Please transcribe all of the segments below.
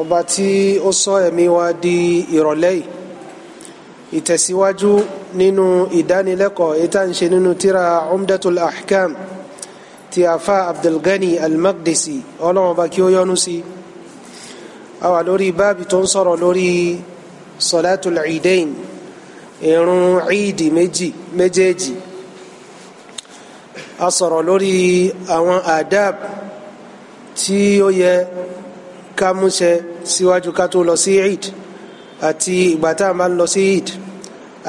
ọba tí ó sọ ẹ̀mí wa di ìrọ̀lẹ́ yìí ìtẹ̀síwájú nínú ìdánilẹ́kọ̀ọ́ èyí tá à ń ṣe nínú tíra umdatul ahkam ti afa abdulgani almaqdisi ọlọ́run ọba kí ó yọ́nú sí a wà lórí báàbí tó ń sọ̀rọ̀ lórí sọ̀látùl ìdẹ́yìn ìrun ìdì méjèèjì a sọ̀rọ̀ lórí àwọn àdáb tí ó yẹ ká síwájú ká tó lọ sí eid àti ìgbà tá a máa ń lọ sí eid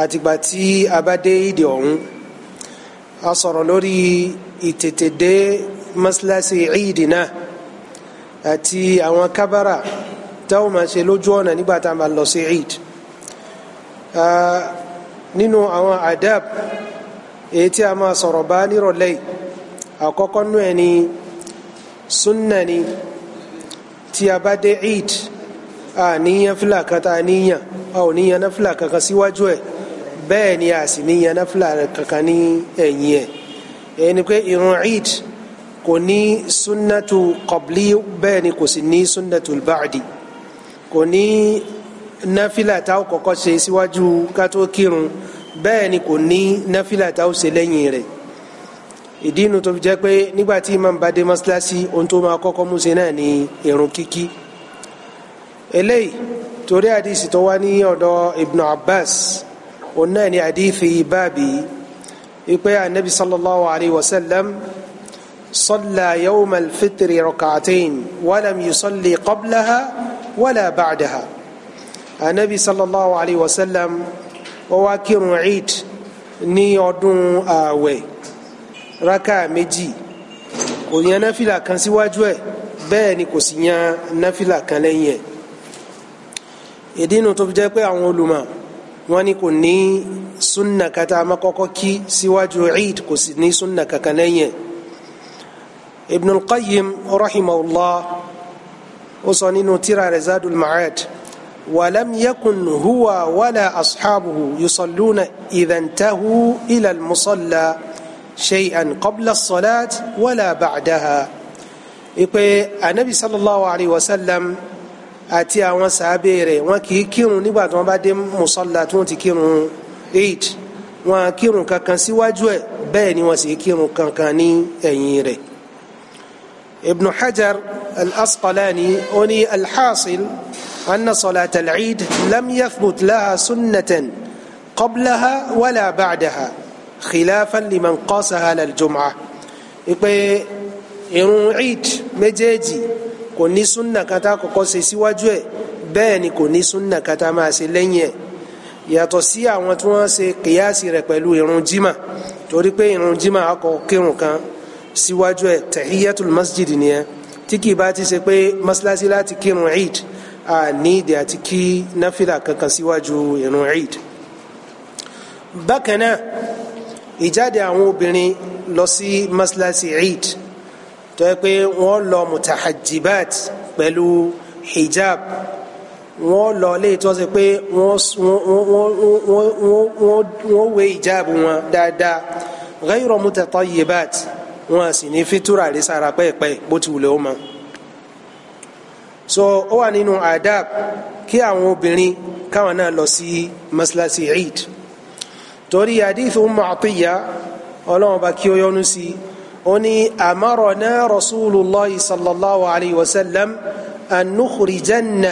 àti ìgbà tí a bá dé eid ọ̀hún a sọ̀rọ̀ lórí ìtètè dé mọ́sálásí eid náà àti àwọn kábàrà táwọn máa ṣe lójú ọ̀nà nígbà tá a máa lọ sí eid nínú àwọn adab èyí tí a máa sọ̀rọ̀ bá nírọ̀lẹ́ àkọ́kọ́ nú ẹni sunna ni tí a bá dé eid àníyàn fìlà tá a níyàn a ò níyàn náfìlà kankan síwájú ẹ̀ bẹ́ẹ̀ ni a sì níyàn náfìlà kankan ní ẹ̀yìn ẹ̀ èyí ni pé irun eid kò ní sunnatu qabli bẹ́ẹ̀ ni kò sì ní sunnatu ba'di kò ní náfìlà tá a kọ́kọ́ ṣe síwájú ká tó kírun bẹ́ẹ̀ ni kò ní náfìlà tá a ṣe lẹ́yìn rẹ̀ ìdí inú tó fi jẹ́ pé nígbà tí imam bá dé mọ́ṣáláṣí ohun tó máa kọ́kọ́ mú ṣe náà ni irun kíkí eléyìí torí àdìsí tó wá ní ọ̀dọ̀ Ibn Abbas òun náà ní àdìsí báàbí ipe anabi sallallahu alayhi wa sallam salla yawm al-fitri rak'atayn wa lam yusalli qablaha wala ba'daha anabi sallallahu alayhi wa sallam ó wá kírun eid ní ọdún ààwẹ̀ raka méjì kò yan náfìlà kan síwájú ẹ̀ bẹ́ẹ̀ ni kò sì yan náfìlà kan lẹ́yìn ẹ̀ ìdínú tó fi jẹ́ pé àwọn olùmọ̀ wọ́n ní kò ní súnà kata makọ́kọ́ kí síwájú eid kò sì ní súnà kankan lẹ́yìn Ibn al-Qayyim rahimahullah ó sọ nínú tírà rẹ̀ Zadul Ma'ad ولم يكن هو ولا أصحابه يصلون إذا انتهوا إلى المصلى شيئا قبل الصلاة ولا بعدها النبي صلى الله عليه وسلم àti àwọn sàábé rẹ̀ wọn kì í kírun nígbà tí wọ́n bá dé mùsọ́lá tí wọ́n ti kírun eid wọn kírun kankan síwájú ẹ̀ bẹ́ẹ̀ ni wọ́n sì kírun kankan ní ẹ̀yìn rẹ̀ ibn hajar al-asqalani ó ní alḥasil anna salat al-eid lam yathbut laha sunnatan qablaha wala ba'daha khilafan liman qasaha lal-jum'ah ipe irun eid méjèèjì kò ní súnà kata kọ́kọ́ ṣe síwájú ẹ̀ bẹ́ẹ̀ ni kò ní súnà kata máa ṣe lẹ́yìn ẹ̀ yàtọ̀ sí àwọn tí wọ́n ṣe kìyàsí rẹ̀ pẹ̀lú irun jimá torí pé irun jimá akọ kírun kan síwájú ẹ̀ tahiyatul masjid nìyẹn tí kì í bá ti ṣe pé masalasi láti kírun eid a ní ìdí àti kí náfìlà kankan síwájú irun eid. bákan náà ìjáde àwọn obìnrin lọ sí masalasi eid tó yẹ pé wọ́n lọ mutahajibat pẹ̀lú hijab wọ́n lọ lé tó ṣe pé wọ́n wé hijab wọn dáadáa ghayra mutatayyibat wọn sì ní fitura rẹ sára pẹ́ẹ́pẹ́ bó ti wùlẹ̀ ó mọ. so ó wà nínú adab kí àwọn obìnrin káwọn náà lọ sí maslasi eid torí hadith Umm Atiyya ọlọ́run bá kí ó yọ́nú sí i. أني أمرنا رسول الله صلى الله عليه وسلم أن نخرجن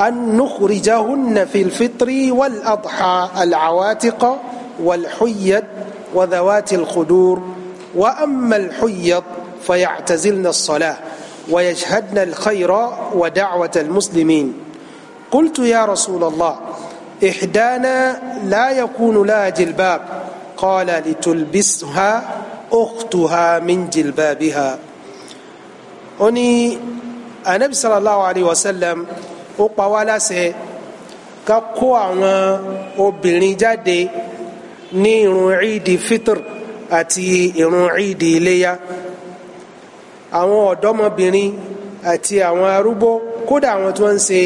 أن نخرجهن في الفطر والأضحى العواتق والحيض وذوات الخدور وأما الحيض فيعتزلن الصلاة ويشهدن الخير ودعوة المسلمين قلت يا رسول الله إحدانا لا يكون لها جلباب قال لتلبسها ukhtuha min jilbabiha ó ní anabi sallallahu alayhi wa sallam ó pa wá láṣẹ ká kó àwọn obìnrin jáde ní irun ìdí fitr àti irun ìdí iléyá àwọn ọ̀dọ́mọbìnrin àti àwọn arúgbó kódà àwọn tí wọ́n ń ṣe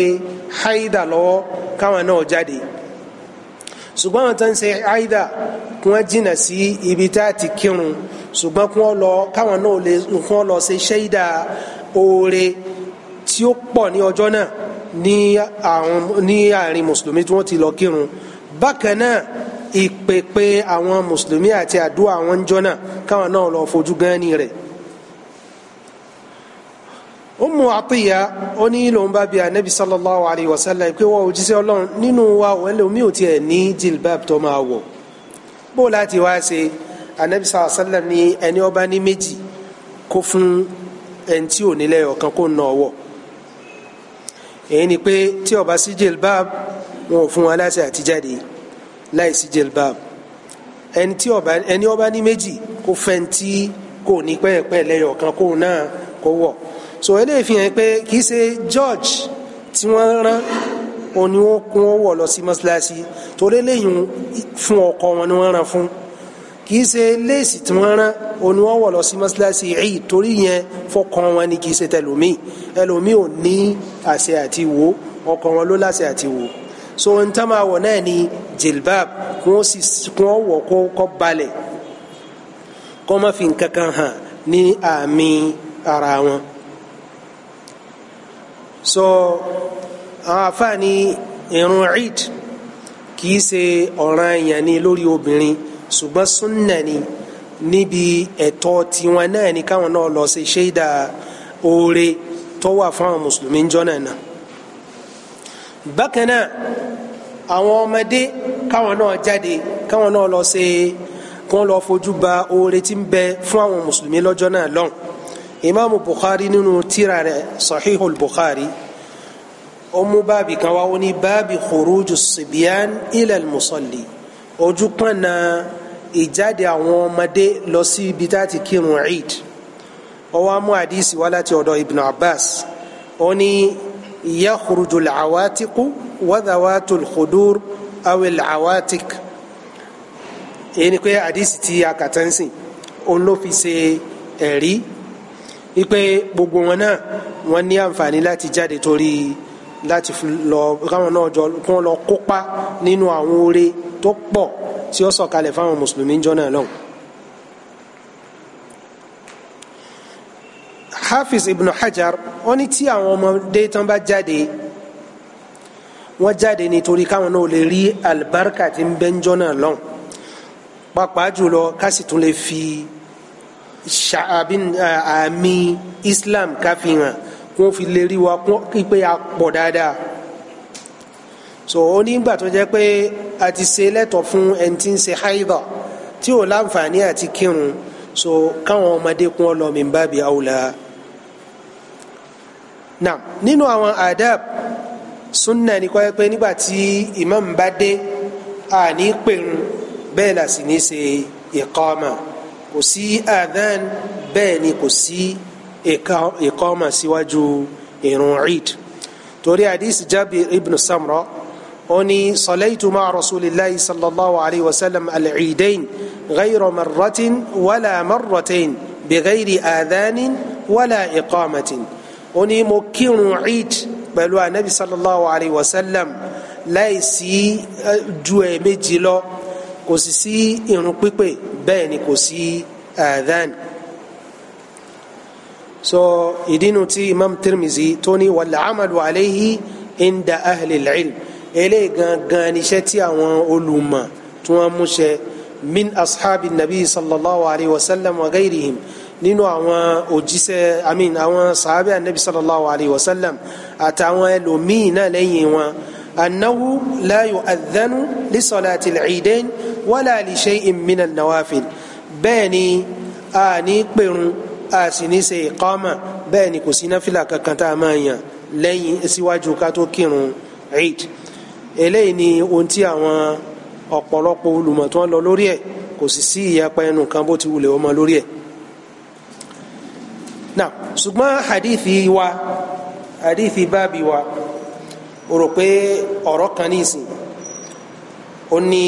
haida lọ́wọ́ káwọn náà jáde ṣùgbọ́n àwọn tó ń ṣe àìdá kí wọ́n jìnnà sí ibi tá a ti kírun ṣùgbọ́n kí wọ́n lọ káwọn náà lè kí wọ́n lọ ṣe ṣẹ́ìdá oore tí ó pọ̀ ní ọjọ́ náà ní àwọn ní àárín mùsùlùmí tí wọ́n ti lọ kírun bákan náà ìpèpè àwọn mùsùlùmí àti àdúrà àwọn jọ náà káwọn náà lọ fojú gán ní rẹ̀ Ummu Atiya ó ní lòun bá bi anabi sallallahu alayhi wa sallam pé wọ́n òjíṣẹ́ ọlọ́run nínú wa ẹlòmíì ò tiẹ̀ ní jilbab tó máa wọ̀ bó láti wá ṣe anabi sallallahu alayhi wa sallam ní ẹni ó bá ní méjì kó fún ẹni tí ò nílẹ̀ ọ̀kan kó nà ọwọ́ èyí ni pé tí ó bá sí jilbab wọn ò fún wa láṣẹ àti jáde láì sí jilbab ẹni tí ó bá ẹni ó bá ní méjì kó fẹ́ntì kò ní pẹ́ẹ́pẹ́ lẹ́yọ̀ kan kó náà kó so eléyìí fi hàn pé kì í ṣe George tí wọ́n rán òun ni wọ́n kún wọ̀ lọ sí mọ́ṣáláṣí torí eléyìí fún ọkọ wọn ni wọ́n rán fún kì í ṣe léèsì tí wọ́n rán òun ni wọ́n wọ̀ lọ sí mọ́ṣáláṣí yìí torí yẹn fọkàn wọn ni kì í ṣe tẹlòmíì ẹlòmíì ò ní àṣẹ àti wò ọkọ wọn ló láṣẹ àti wò so ohun tá máa wọ̀ náà ni jilbab kí sì kí wọ́n kó kó balẹ̀ kó má fi nǹkan hàn ní àmì ara wọn so àwọn àfààní irun eid kìí ṣe ọ̀ràn èèyàn ni lórí obìnrin ṣùgbọ́n súnnà ni níbi ẹ̀tọ́ tiwọn náà ni káwọn náà lọ ṣe ṣéda oore tó wà fún àwọn mùsùlùmí ń jọ́nà náà bákan náà àwọn ọmọdé káwọn náà jáde káwọn náà lọ ṣe kí lọ fojú ba oore tí ń bẹ fún àwọn mùsùlùmí lọ́jọ́ náà lọ́hùn imaamu bukhari nínú tírà rẹ̀ sahihul bukhari ó mú báàbì kan wá ó ní báàbì khuruju sibiyan ilal musalli ojú kan na ìjáde àwọn ọmọdé lọ sí ibi tá a ti kírun eid ó wá mú àdísì wá láti ọ̀dọ̀ ibn abbas ó yakhruju al-awatiqu wa aw al-awatiq èyí ni ti akàtẹ́nsìn òun ló fi ṣe ẹ̀rí. E ipe gbogbo wọn náà wọn ní àǹfààní láti jáde torí láti lọ káwọn náà jọ kún lọ kópa nínú àwọn oore tó pọ̀ tí ó sọ̀kalẹ̀ fáwọn mùsùlùmí jọ náà lọ́hùn. Hafiz ibn Hajar wọ́n ní tí àwọn ọmọdé tán bá jáde wọ́n jáde nítorí káwọn náà lè rí alibarika tí ń bẹ ń jọ náà lọ́hùn pàápàá jùlọ kásì tún lè fi ṣàbí àmì Islam káfíhàn kó fi lè rí wa pé a pọ̀ dáadáa so ó nígbà tó jẹ́ pé a ti ṣe lẹ́tọ̀ fún ẹni tí ń ṣe haidha tí ò láǹfààní àti kírun so káwọn ọmọdé kún ọ lọ min babi náà nínú àwọn adab sunna ni kọ́ ẹ pé nígbà tí imam bá dé a ní pèrun bẹ́ẹ̀ là sì ní ṣe iqama kò sí adhan bẹ́ẹ̀ ni kò sí ìkọ́mà síwájú ìrun eid torí hadith jabir ibn samra ó ní salaitu ma rasulillahi sallallahu alayhi wa sallam al-eidain ghayra marratin wala marratain bighayri adhanin wala iqamatin ó ní mo kírun eid pẹ̀lú anabi sallallahu alayhi wa sallam láì sí eh, ju ẹ̀ẹ̀mejì lọ kò sì sí irun pípè bẹ́ẹ̀ ni kò sí eh, adhan so ìdínú tí imam tirmizi tó ní wàlá amadu aleyhi inda ahli ilm eléyìí gangan níṣẹ́ tí àwọn olùmọ̀ tí wọ́n mú ṣe min ashabi nabi sallallahu alayhi wa sallam wa gairihim nínú àwọn òjíṣẹ́ amin àwọn sahabi anabi sallallahu alayhi wa sallam àtàwọn ẹlòmíì náà lẹ́yìn wọn. أنه لا يؤذن لصلاة العيدين ولا لشيء من النوافل باني آني قرن آسني سيقامة باني كسينا في لكاكتا مانيا لين سواجو كاتو كيرون عيد eléyìí ni ohun tí àwọn ọ̀pọ̀lọpọ̀ olùmọ̀ tó ń lọ lórí ẹ̀ kò sì sí ìyapa ẹnu kan bó ti wulẹ̀ ọmọ lórí ẹ̀. náà ṣùgbọ́n hadithi wa hadithi báàbí wa o rò pé ọ̀rọ̀ kan ní ìsìn ó ní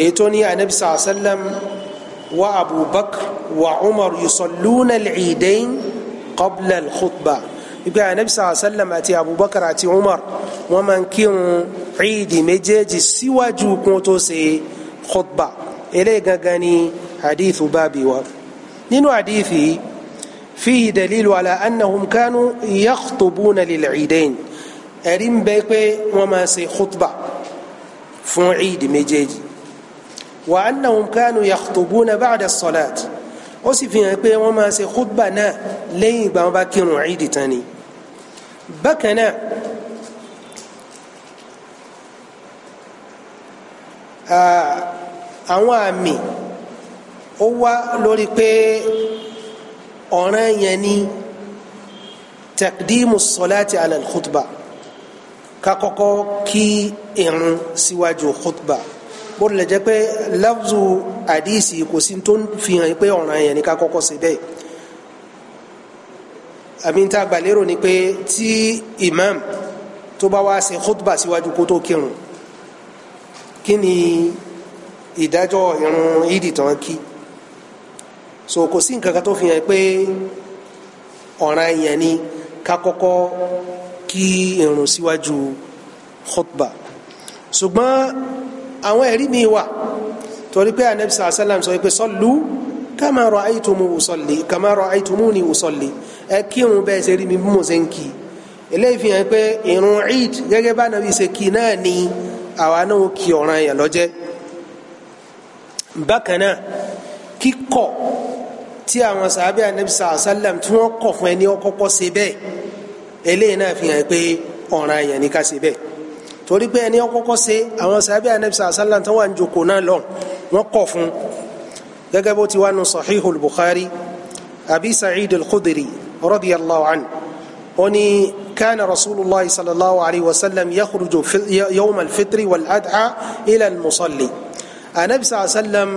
èyí tó ní anabi sàlám wa abubakar wa umar yusalluna al-eidain qabla al-khutba ìgbà anabi sàlám àti abubakar àti umar wọn máa ń kírun ciidi méjèèjì síwájú kún tó ṣe khutba eléyìí gangan ni hadithu báàbí wa nínú hadithi yìí. فيه دليل على أنهم كانوا يخطبون للعيدين ẹ̀rí ń bẹ pé wọ́n máa ṣe khutba fún ìdí méjèèjì wa annahum kanu yakhtubuna ba'da as-salat ó sì fi hàn pé wọ́n máa ṣe khutba náà lẹ́yìn ìgbà wọn bá kírun ìdí tán ni bákan náà àwọn àmì ó wá lórí pé ọ̀ranyàn ni takdimu as-salati khutba ká kọ́kọ́ kí irun síwájú khutba bó tilẹ̀ jẹ́ pé lafzu àdìsí kò sí tó fi hàn pé ọ̀ràn yẹn ni ká kọ́kọ́ ṣe bẹ́ẹ̀ àmì tá a gbà ni pé tí imam tó bá wá ṣe khutba síwájú kó tó kírun kí ni ìdájọ́ irun ìdì tán kí so kò sí nǹkan kan tó fi hàn pé ọ̀ràn yẹn ni ká kọ́kọ́ kí irun síwájú khutba ṣùgbọ́n àwọn ẹ̀rí mi wà torí pé anabi sàlám sọ pé sọlù kama ra'aytumu usalli kama ra'aytumuni usalli ẹ kírun bẹ́ẹ̀ ṣe rí mi bí mo ṣe ń kí eléyìí fi hàn pé irun eid gẹ́gẹ́ bá anabi ṣe kí náà ni àwa náà kí ọ̀ràn yẹn lọ́jẹ́ bákan náà kíkọ̀ tí àwọn sàábẹ́ anabi sàlám tí wọ́n kọ̀ fún ẹni ọkọ̀kọ̀ ṣe bẹ́ẹ̀ eléyìí náà fi hàn pé ọ̀ràn àyàn ni ká ṣe bẹ́ẹ̀ torí pé ẹni ọkọ́kọ́ ṣe àwọn sàbẹ̀ anabi sàlám tó wà ń jòkó náà lọ wọ́n kọ̀ fún gẹ́gẹ́ bó ti wà nù sahihul bukhari abi sa'id al-khudri radiyallahu anhu oni kana rasulullah sallallahu alayhi wa sallam yakhruju yawm al-fitr wal-adha ila al-musalli anabi sàlám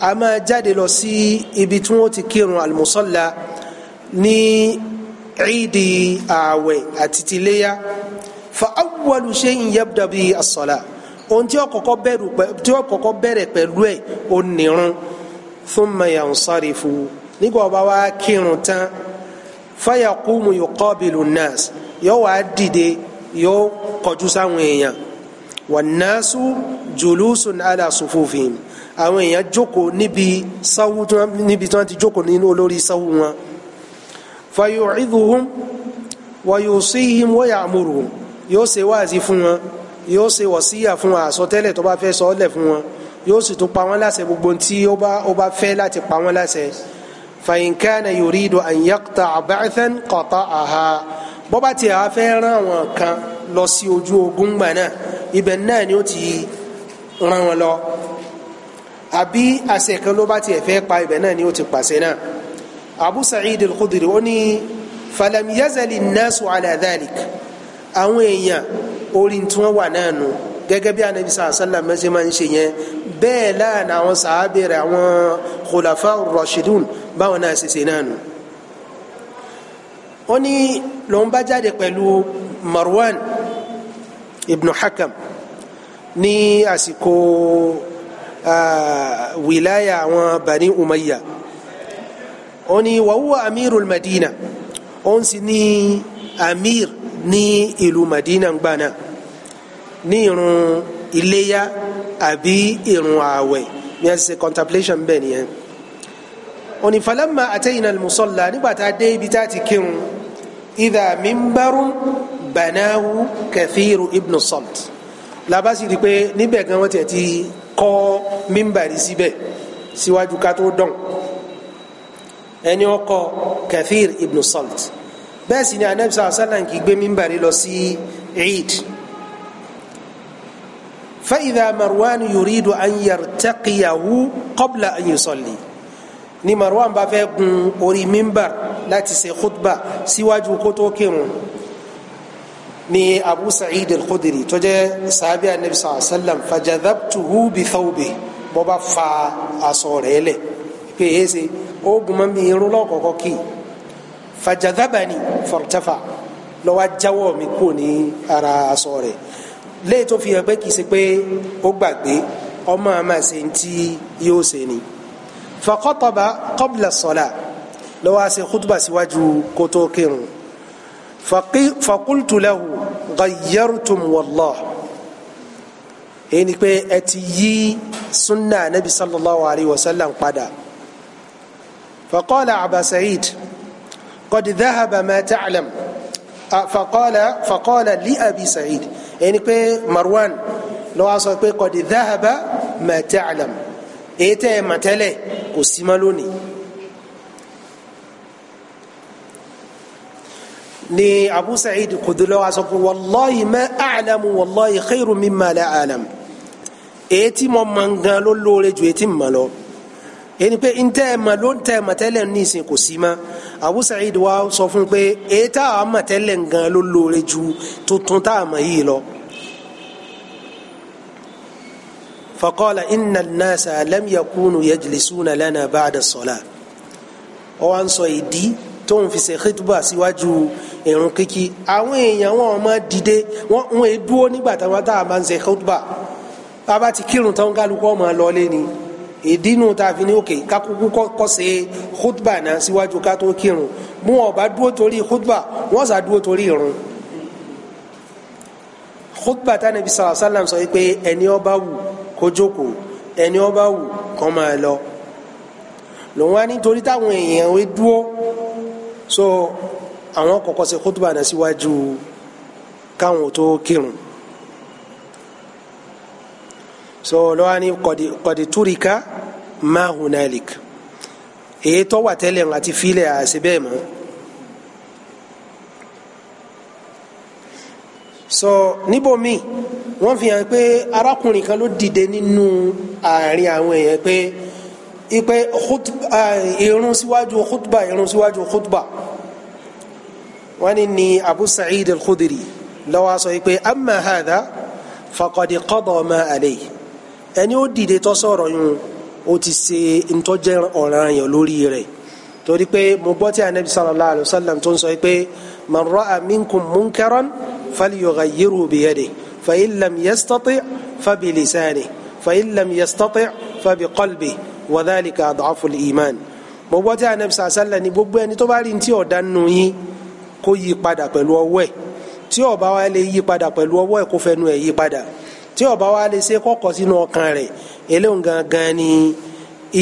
a máa jáde lọ sí ibi tí wọ́n ti kírun al ní ìdí ààwẹ̀ àti tìléyà fa awwalu shay'in yabda bi as-salah ohun tí ó kọ́kọ́ bẹ̀rẹ̀ pẹ̀lú ẹ̀ ó nírun thumma yansarifu nígbà ọba wa kírun tán fa yaqumu yuqabilu an-nas yóò wá dìde yóò kọjú sáwọn èèyàn wànásù jùlùsùn àlà sufufihim àwọn èèyàn jókòó níbi sáwù níbi tí wọ́n ti jókòó nínú olórí sáwù wọn fayu'idhuhum wa yusihim wa ya'muruhum yóò ṣe wáàsí fún wọn yóò ṣe wọ̀síyà fún wọn àsọtẹ́lẹ̀ tó bá fẹ́ sọ ọ́lẹ̀ fún wọn yóò sì tún pa wọ́n láṣẹ gbogbo tí ó bá ó bá fẹ́ láti pa wọ́n láṣẹ. fa in kana yuridu an yaqta'a ba'than qata'aha bọ́bá tí fẹ́ rán wọn kan lọ sí ojú ogun gbà náà ibẹ̀ náà ni ó ti rán wọn lọ àbí àṣẹ kan ló bá tiẹ̀ fẹ́ pa ibẹ̀ náà ni ó ti pàṣẹ náà abu sa'id al-khudri ó ní falam yazali nnasu ala dhalik àwọn èèyàn orin tí wọ́n wà náà nù gẹ́gẹ́ bí anabi sàlá sàlá mẹsẹ máa ń ṣe yẹn bẹ́ẹ̀ láàánú àwọn sàábẹ rẹ̀ àwọn khulafa rashidun báwọn náà ṣe ṣe náà nù. ó ní lòun bá jáde marwan ibn hakam ní àsìkò uh, ah, wìláyà bani umayya ó ní wa huwa amirul madina òun sì ní amir ní ìlú madina gbaná ní irun iléyà àbí irun ààwẹ̀ ní ẹsẹ contemplation bẹ́ẹ̀ nìyẹn ó ní falamma atayna al-musalla nígbà tá a dé ibi tá a ti kírun idha mimbarun banahu kathiru ibn salt labasi di pé níbẹ̀ gan wọ́n ti ẹ̀ ti kọ́ mímbàrí síbẹ̀ síwájú ẹni ọkọ Kathir ibn Salt bẹ́ẹ̀ sì ni anabi sàlá sàlám kì í gbé mímbàrí lọ sí Eid fa'idha Marwan yuridu an yartaqiyahu qabla an yusalli ni Marwan bá fẹ́ gun orí mímbàr láti ṣe khutba síwájú kótó kírun ni abu sa'id al-khudri tó jẹ́ sahabi anabi sallallahu alaihi wa sallam fajadabtuhu bi thawbi bó fa aṣọ rẹ̀ lẹ̀ pé oògùn máa ń bí irun lọ́kọ̀ọ̀kọ̀ kì í fàjàdábàní fọ̀rọ̀tẹ́fà lọ́wọ́ jáwọ́ mi kúrò ní ara aṣọ rẹ̀ léyìí tó fi hàn pé kì í ṣe pé ó gbàgbé ọmọ àmà ṣe ń tí yóò ṣe ni fàkọ́tọ̀bà kọ́bìlà sọ̀là lọ́wọ́ àṣẹ kútùbà síwájú kó tó kírun fàkúlùtùlẹ̀hù gàyẹ́rùtùm wọ̀lọ́ èyí ni pé ẹ ti yí sunna anabi sallallahu alayhi wa sallam padà. فقال أبا سعيد قد ذهب ما تعلم فقال فقال لأبي سعيد يعني بي مروان لو أصل بي قد ذهب ما تعلم إيتا متلي كسيمالوني ni abu sa'id kudulo wá sọ pé wallahi ma a'lamu wallahi khairu mimma la a'lam eti mo mangan lo lore ju eti mo lo ẹni pé ntẹ́ ẹ̀ mà ló ń tẹ́ ẹ̀ mà tẹ́lẹ̀ ní ìsìn kò sí mọ́ Abu Sa'id wa sọ fún pé èyí tá a mà tẹ́lẹ̀ gan ló lóore ju tuntun tá a mà yìí lọ. faqala inna an-nasa lam yakunu yajlisuna lana ba'da as-salah ó wá sọ ìdí tó ń fi ṣe khitba síwájú ìrun kíkí àwọn èèyàn wọn ọmọ dìde wọn ń dúró nígbà táwọn tá a máa ń ṣe khitba bá kírun tán kálukú ọmọ lọlé ni ìdínú tá a fi ní òkè kakuku kọ́ ṣe khutba náà síwájú ká tó kírun bí wọn dúró torí khutba wọn sà dúró torí irun khutba tá nàbí sàlá sàlám sọ pé ẹni ó bá wù kó jókòó ẹni ó bá wù kó máa lọ lòun wá nítorí táwọn èèyàn wé dúró so àwọn kọ́kọ́ ṣe khutba náà síwájú káwọn tó kírun so lọ́wọ́ ni kọ̀dí túrika máa hunalik èyí tó wà tẹ́lẹ̀ ń àti filẹ̀ àṣẹ bẹ́ẹ̀ mọ́. so níbomi wọ́n fi hàn pé arákùnrin kan ló dìde nínú àárín àwọn èèyàn pé ipe irun síwájú khutba irun síwájú khutba wọ́n ni Abu Sa'id al-Khudri ló wá sọ amma hadha faqad qada ma alayhi ẹni ó dìde tó sọ̀rọ̀ yun ó ti ṣe ntọ́jẹ́ ọ̀ràn yẹn lórí rẹ̀ torí pé mo gbọ́ tí anabi sallallahu alayhi wa sallam tó ń sọ pé man ra'a minkum munkaran falyughayyiru biyadihi fa in lam yastati' fa bilisanihi fa in lam yastati' fa biqalbihi wa dhalika ad'afu al mo gbọ́ tí anabi sallallahu alayhi ni gbogbo ẹni tó bá rí ntí ọ̀dà nù yín kó yí padà pẹ̀lú ọwọ́ ẹ̀ tí ó bá lè yí padà pẹ̀lú ọwọ́ ẹ̀ kó fẹnu ẹ̀ yí padà. tí ọba bá wa lè ṣe kọ́kọ́ sínú ọkàn rẹ̀ eléwọn gangan ni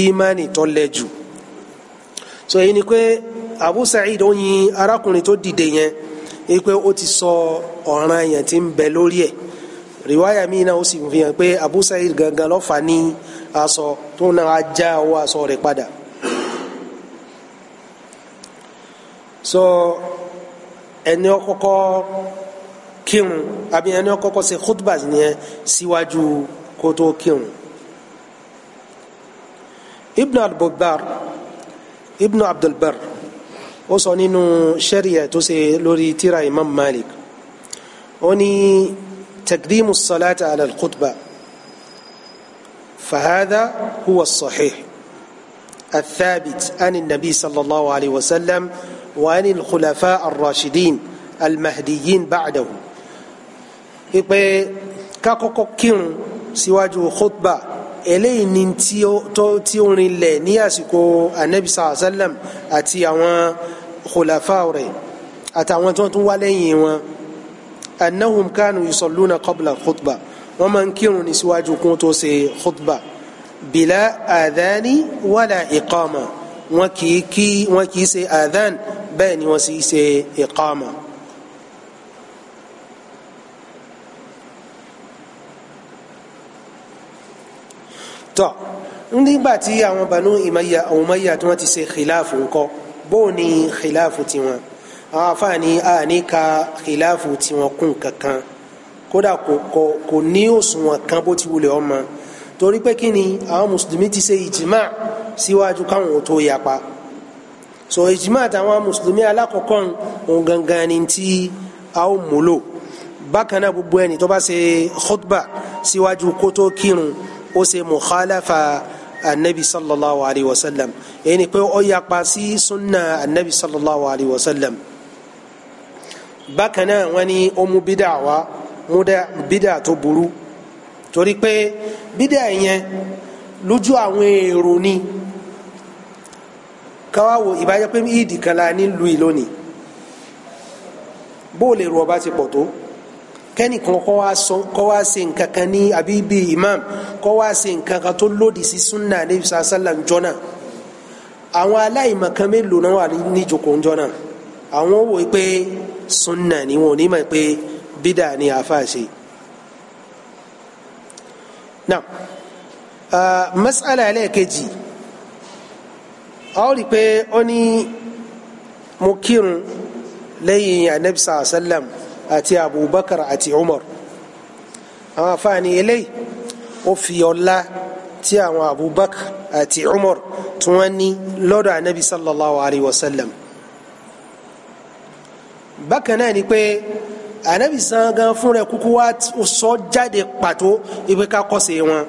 imani tó lẹ jù so èyí ni pé Abu Sa'id arákùnrin tó dìde yẹn èyí pé ti sọ ọ̀ràn yẹn ti ń bẹ lórí ẹ̀ riwaya mi náà ó sì fi hàn pé Abu Sa'id gangan ló fà ní aṣọ tó aṣọ padà so kírun àbí ẹni kọ́kọ́ ṣe khutba yẹn síwájú kó tó kírun. ibn abdulbar ibn bar ó sọ nínú sharia tó ṣe lórí tíra imam malik oni ní takdimu salata ala khutba fahadha huwa sahih الثابت عن النبي صلى الله عليه وسلم وعن الخلفاء الراشدين المهديين بعده wípé ká kọ́kọ́ kírun síwájú khutba eléyìí ni tí ó tí ó rinlẹ̀ ní àsìkò anabi sàlám àti àwọn khulafa rẹ̀ àtàwọn tí wọ́n tún wá lẹ́yìn wọn annahum kanu yusalluna qabla khutba wọ́n máa ń kírun ní síwájú kún tó ṣe khutba bila adhani wala iqama wọn kì í ṣe adhan bẹ́ẹ̀ ni wọ́n sì ṣe iqama. tọ́ nígbà tí àwọn Banu Umayya Umayya tí wọ́n ti ṣe khilafu ńkọ́ bó ni khilafu tiwọn àwọn afáàní àní ka khilafu tiwọn kún kankan kódà kò ní òṣùwọ̀n kan bó ti wulẹ̀ ọmọ torí pé kí ni àwọn mùsùlùmí ti ṣe ìjìmá síwájú káwọn ò tó yapa so ìjìmá àtàwọn mùsùlùmí alákọ̀ọ́kọ́ òun gangan ni tí a ó múlò bákan náà gbogbo ẹni tó bá ṣe khutba síwájú kó tó kírun ó ṣe mukhalafa anabi sallallahu alayhi wa sallam èyí ni pé ó yapa sí sunna anabi sallallahu alayhi wa sallam bákan náà wọ́n ní ó mú bídà wá mú bídà tó burú torí pé bídà yẹn lójú àwọn èrò ni káwá wo ìbájá pé ìdì kan la nílùú ìlónìí bó lè rú ọba ti pọ̀ tó kẹ́nì kan kọ́ wá sọ kọ́ wá ṣe nǹkan kan ní àbí imam kọ́ wá ṣe nǹkan kan tó lòdì sí sunna anabi sallam jọ́nà àwọn aláìmọ̀ kan mélòó náà wà níjòkó jọ́nà àwọn wò pé sunna ni wọn ò ní mọ̀ pé bídà ni àáfàá ṣe. now uh, mas'ala ẹlẹ́ẹ̀kejì a ó rí i pé ó ní mo kírun lẹ́yìn anabi sallam àti abubakar àti umar àwọn afáàní eléyìí ó fi ọlá tí àwọn abubakar àti umar tí wọ́n ní lọ́dọ̀ anabi sallallahu alayhi wa sallam bákan náà ni pé anabi san gan fún rẹ̀ kúkú wá sọ jáde pàtó ibi ká kọsẹ̀ wọn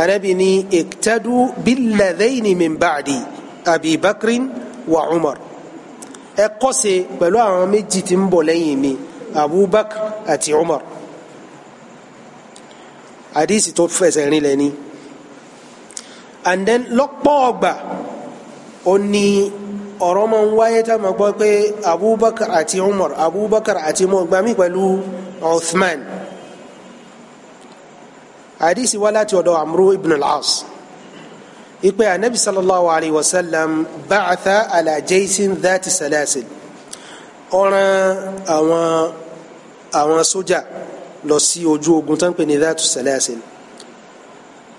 anabi ni iktadu billadhayni min ba'di abi bakrin wa umar ẹ kọ́ṣe pẹ̀lú àwọn méjì tí ń bọ̀ lẹ́yìn mi abubakar àti umar àdìsí tó fẹsẹ̀ rin lẹ́ni and then lọ́pọ̀ ọgbà ó ní ọ̀rọ̀ máa ń wáyé tá a máa gbọ́ pé abubakar àti umar abubakar àti umar gbàmí pẹ̀lú uthman àdìsí wá láti ọ̀dọ̀ amru ibn al-as ipe anabi sallallahu alayhi wa sallam ba'atha ala jaysin dhati salasil ọ̀ràn àwọn àwọn sójà lọ sí ojú ogun tó ń pè ní dhati salasil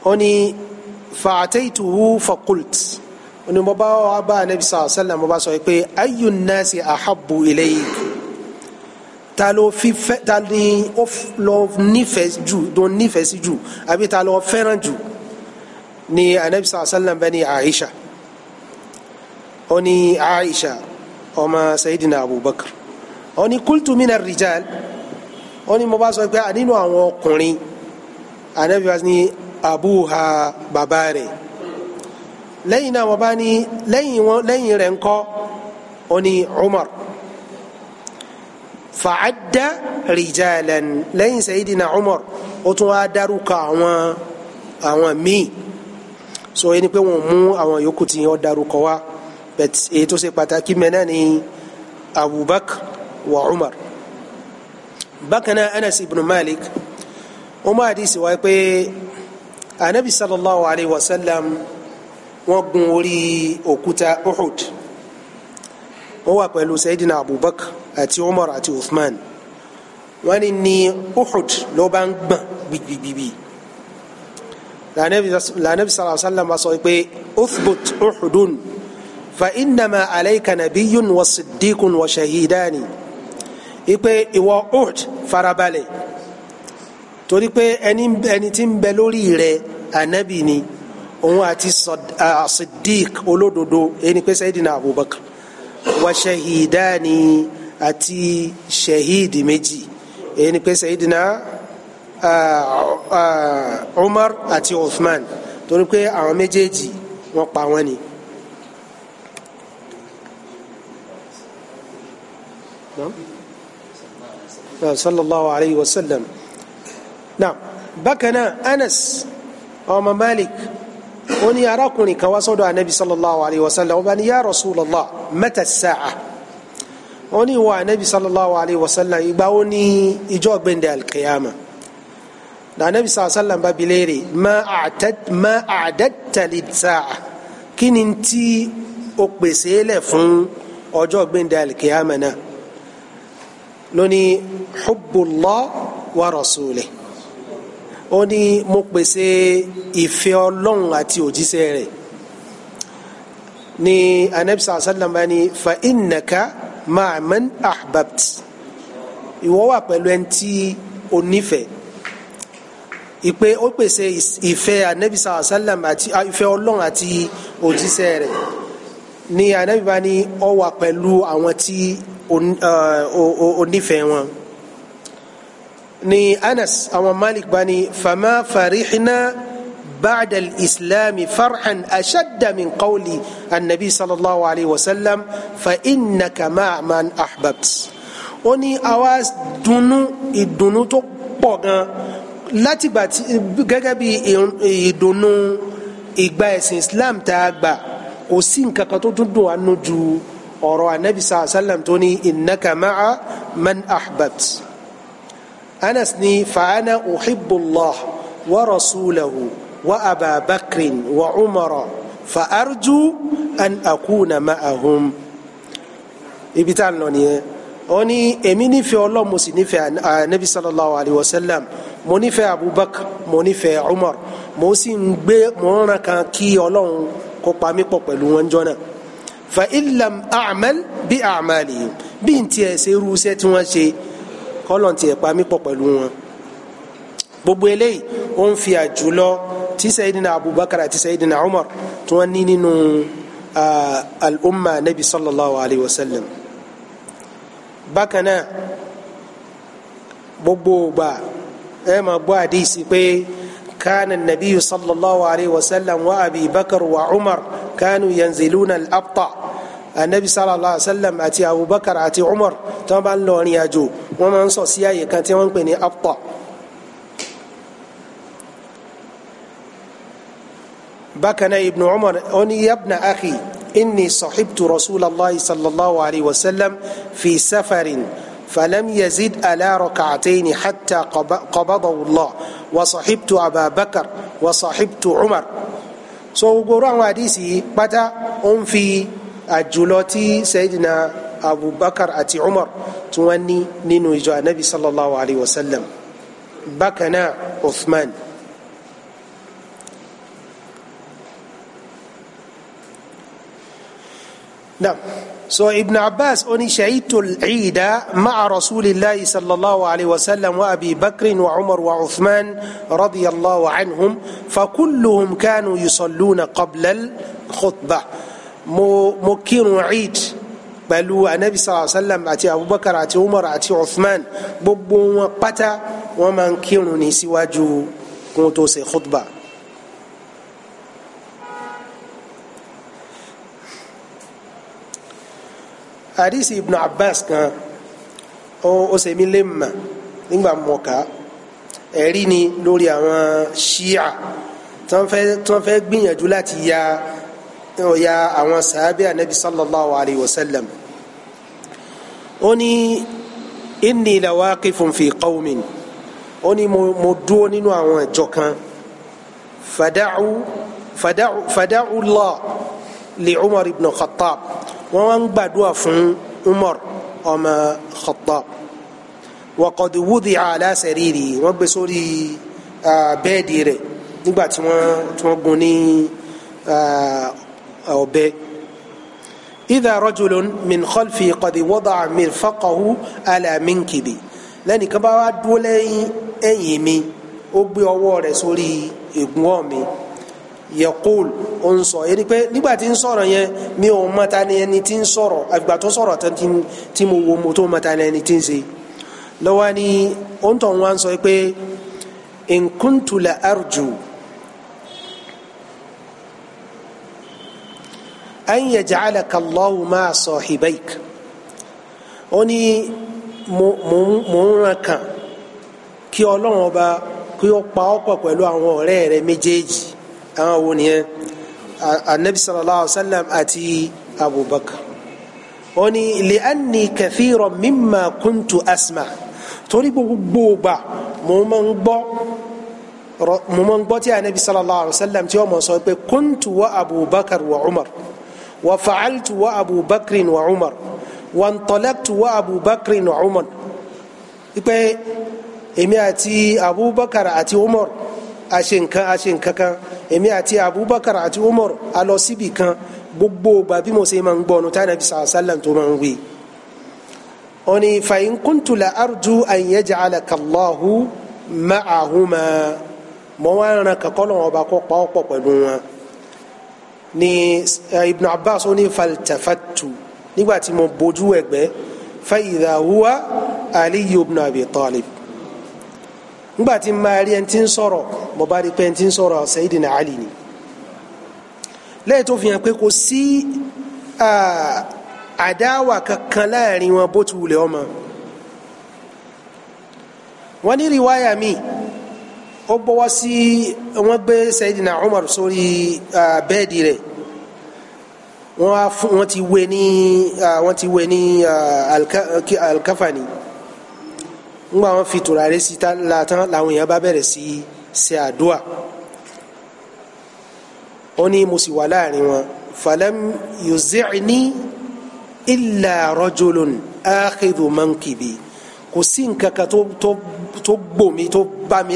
ó ní fa'ataytuhu faqult ó ní mo bá wá bá anabi sallallahu alayhi wa sallam mo bá sọ pé ayyu nnasi ahabbu ilayk ta ló fi fẹ́ ta ni ó lọ nífẹ̀ẹ́ jù ló nífẹ̀ẹ́ sí jù ni anabi sàlá sàlám bẹ́ẹ̀ ni aisha ó ní aisha ọmọ sayidina abubakar ó ní kultu mina rijal ó ní mo bá sọ pé nínú àwọn ọkùnrin anabi wa ni abuha bàbá rẹ̀ lẹ́yìn náà wọ́n bá ní lẹ́yìn wọn lẹ́yìn rẹ̀ ńkọ́ ó ní umar fàádà rijalan lẹ́yìn sayidina umar ó tún wá dárúkọ àwọn àwọn míì so ẹni pé wọn mú àwọn yòókù tí wọn darúkọ wá but èyí tó ṣe pàtàkì mẹ́ná ni abubakar wa umar bákan náà anas ibn malik Umar máa hadisi wáyé pé anabi sallallahu alayhi wa sallam wọ́n gun orí òkúta uhud wọ́n wà pẹ̀lú sayidina abubakar àti umar àti uthman wọ́n ni ní uhud ló bá ń gbọ̀n gbìgbìgbì lànàbí sàlàyé sàlàm bá sọ pé uthbut uhudun fa innama alayka nabiyun wa siddiqun wa shahidani ipe ìwọ uhud farabalẹ̀ torí pé ẹni ẹni tí ń bẹ lórí rẹ̀ ànábì ni òun àti siddiq olódodo ẹni pé sayidina abubakar wa shahidani àti shahidi méjì ẹni pé sayidina. Umar uh, uh, àti Uthman torí pé àwọn méjèèjì wọ́n pa wọ́n ni. sallallahu alayhi wa sallam naam bákan náà Anas ọmọ Malik ó ní arákùnrin kan wá sọ́dọ̀ anabi sallallahu alayhi wa sallam ó bá ní ya rasulallah mata sa'a ó ní ìwọ anabi sallallahu alayhi wa sallam ìgbà ó ní ìjọ́ gbẹ̀ndẹ̀ alkiyama na anabi sallam bá bi léèrè ma àdàtàlì sáà kí ni tí o pèsè lẹ̀ fún ọjọ́ gbẹ̀ndẹ̀ alikiyama náà lónìí hubbullah wa rasulih ó ní mo pèsè ìfẹ́ ọlọ́run àti òjíṣẹ́ rẹ̀ ni anabi sallam bá ní fa innaka ma'aman ahbabt ìwọ wà pẹ̀lú ẹni tí ìpè ó pèsè ìfẹ́ anabi sàlá sàlám àti ìfẹ́ ọlọ́run àti òjíṣẹ́ rẹ̀ ni anabi bá ní ó wà pẹ̀lú àwọn tí onífẹ̀ẹ́ wọn ni anas àwọn malik bá ní fama farihina بعد الإسلام فرحا أشد من قول النبي صلى الله عليه وسلم فإنك مع من أحببت ó ní àwa dùnnú ìdùnnú tó pọ̀ gan látìgbà tí gẹ́gẹ́ bí ìdùnnú ìgbà ẹ̀sìn Islam tá a gbà kò sí nǹkan kan tó tún dùn àánú ju ọ̀rọ̀ anabi sàlá sàlám tó ní innaka ma'a man ahbabt Anas ní fa'ana uhibbullah wa rasulahu wa aba bakrin wa fa arju an akuna ma'ahum ibi tá a lọ nìyẹn ó ní èmi nífẹ̀ẹ́ ọlọ́run mo sì nífẹ̀ẹ́ anabi sallallahu alayhi wa sallam mo nífẹ̀ẹ́ abubakar mo nífẹ̀ẹ́ umar mo sì ń gbé mo ń ran kan kí ọlọ́run kó pa mí pọ̀ pẹ̀lú wọn jọ náà fa ilam amal bi amali bí n tiẹ̀ ṣe irú iṣẹ́ tí wọ́n ṣe kọ́lọ̀ pa mí pọ̀ pẹ̀lú wọn gbogbo eléyìí ó ń fi àjùlọ tí sayidina abubakar àti sayidina umar tí wọ́n ní nínú al-umma nabi sallallahu alayhi wa sallam bákan náà gbogbo ògbà ẹ máa gbọ́ àdìsí pé kánà nàbíyù sallallahu alayhi wa sallam wa abi bakar wa umar kánú yanziluna al-abta anabi sallallahu alayhi wa sallam àti abubakar àti umar tí wọn bá ń lọ rìn àjò wọn máa ń sọ sí àyè kan tí wọn ń pè ní abta. bákan ibnu umar ó ní إني صحبت رسول الله صلى الله عليه وسلم في سفر فلم يزد على ركعتين حتى قبضه الله وصحبت أبا بكر وصحبت عمر so gbogbo àwọn àdìsí pátá ó ń fi àjùlọ tí sayidina abubakar àti umar tí wọn ní nínú ìjọ anabi sallallahu alayhi wa sallam bákan náà uthman نعم سو ابن عباس أني شهدت العيد مع رسول الله صلى الله عليه وسلم وأبي بكر وعمر وعثمان رضي الله عنهم فكلهم كانوا يصلون قبل الخطبة مكين عيد pẹ̀lú anabi sallallahu alayhi wa sallam àti abubakar àti umar àti uthman gbogbo wọn pátá wọn máa ń kírun ní síwájú kí wọn tó ṣe khutba. hadisi ibn abbas kan ó ṣe mí lé mà nígbà mọ̀ọ́ká ẹ̀rí ni lórí àwọn ṣíà tí wọ́n fẹ́ gbìyànjú láti ya ya àwọn sàábì anabi sallallahu alayhi wa sallam ó ní inni lawaqifun fi qawmin ó ní mo dúró nínú àwọn ìjọ kan fada'u fada'u fada'u Allah Umar ibn Khattab wọ́n wá ń gbàdúrà fún Umar ọmọ Khattab wa qad wudi'a ala sariri wọ́n gbé sórí bẹ́ẹ̀dì rẹ̀ nígbà tí wọ́n gún ní ọ̀bẹ. idha rajulun min khalfi qad wada'a mirfaqahu ala minkibi lẹ́nì kan bá wá dúró mi ó gbé ọwọ́ rẹ̀ sórí ègún ọ̀ yaqul ó ń sọ yẹn ni pé nígbà tí ń sọ̀rọ̀ yẹn mi ò mọta ni ẹni tí ń sọ̀rọ̀ àgbà tó sọ̀rọ̀ tán tí mo wo mo tó mọta ni ẹni tí ń ṣe lọ́wọ́ ni ó ń sọ pé in arju an yaj'alaka Allahu ma'a sahibayk ó ní mò ń ràn kàn kí ọlọ́run ọba kí ó pa ọ́ pọ̀ pẹ̀lú àwọn ọ̀rẹ́ rẹ méjèèjì àwọn wo nìyẹn anabi sallallahu alayhi wa sallam àti abubakar ó ní li anni kathiran mimma kuntu asma torí gbogbo gbà mo máa ń gbọ́ mo máa ń gbọ́ tí anabi sallallahu alayhi wa sallam tí ó mọ̀ sọ pé kuntu wa abubakar wa umar wa facaltu wa abubakar wa umar wa ntalaqtu wa abubakar wa umar ipe èmi àti abubakar àti umar àṣe nǹkan àṣe nǹkan kan èmi àti Abubakar àti Umar a lọ síbi kan gbogbo ìgbà bí mo ṣe máa ń gbọ́ ọ̀nà táwọn Ànábì sallallahu alaihi wasallam tó máa ń wí. ó ní fa in kuntu la arju an yaj'alaka Allahu ma'ahuma mọ wá ń ran kankan ọba kó pa ọ́ wọn. ni eh, Ibn Abbas ó ní nígbà tí mo bójú ẹ̀gbẹ́ fa idha Aliyu ibn Abi Talib nígbà tí máa rí ẹni tí ń sọ̀rọ̀ mo bá rí pé ẹni tí ń sọ̀rọ̀ Sayyidina Ali ni lẹ́yìn tó fi hàn pé kò sí àdáwà kankan láàrin wọn bó ti wulẹ̀ ọmọ wọn ní riwaya mi ó bọ́wọ́ sí wọ́n gbé Sayyidina Umar sórí bẹ́ẹ̀dì rẹ̀ wọ́n ti wé ní alkafani. Al ńgbà wọn fi tùràrí sí la tán làwọn èèyàn bá bẹ̀rẹ̀ sí ṣe àdúà ó ní mo sì wà láàrin wọn falam yuzi'ni illa rajulun akhidhu mankibi kò sí nǹkan kan tó gbòmí tó bá mi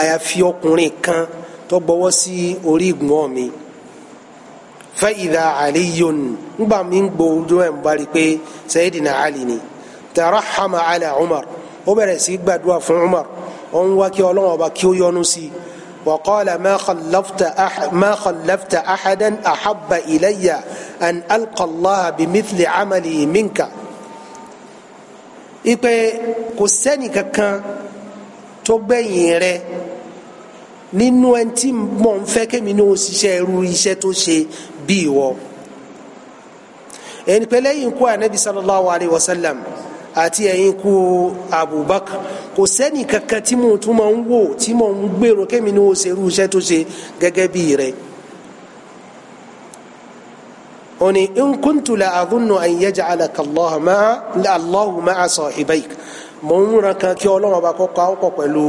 àyàfi ọkùnrin kan tó gbọ́wọ́ sí orí ìgbọ̀n mi fa idha aliyun ńgbà mi ń gbòòdó ẹ̀ ń bá rí i pé Sayyidina ni tarahama ala umar ó bẹ̀rẹ̀ sí gbàdúrà fún umar ó ń wá kí ọlọ́run ọba kí ó yọ́nú sí i wa qala ma khallafta ah-, ma khallafta ahadan ahabba ilayya an alqa allaha bimithli amali minka ipe kò sẹ́ni kankan tó gbẹ̀yìn rẹ nínú ẹni tí mo fẹ́ kémi ní o ṣiṣẹ́ irú iṣẹ́ tó ṣe bí ìwọ ẹni lẹ́yìn ikú anabi sallallahu alayhi wa sallam àti ẹ̀yin kú Abubakar kò sẹ́ni kankan tí mo tún máa ń wò tí mo ń gbèrò kémi ni ó ṣerú iṣẹ́ tó ṣe gẹ́gẹ́ bí rẹ̀ ó ní in kuntu la adhunnu an yaj'alaka Allahu ma'a la Allahu ma'a sahibayk mo ń ran kan kí Ọlọ́run ọba kọ́ ká pẹ̀lú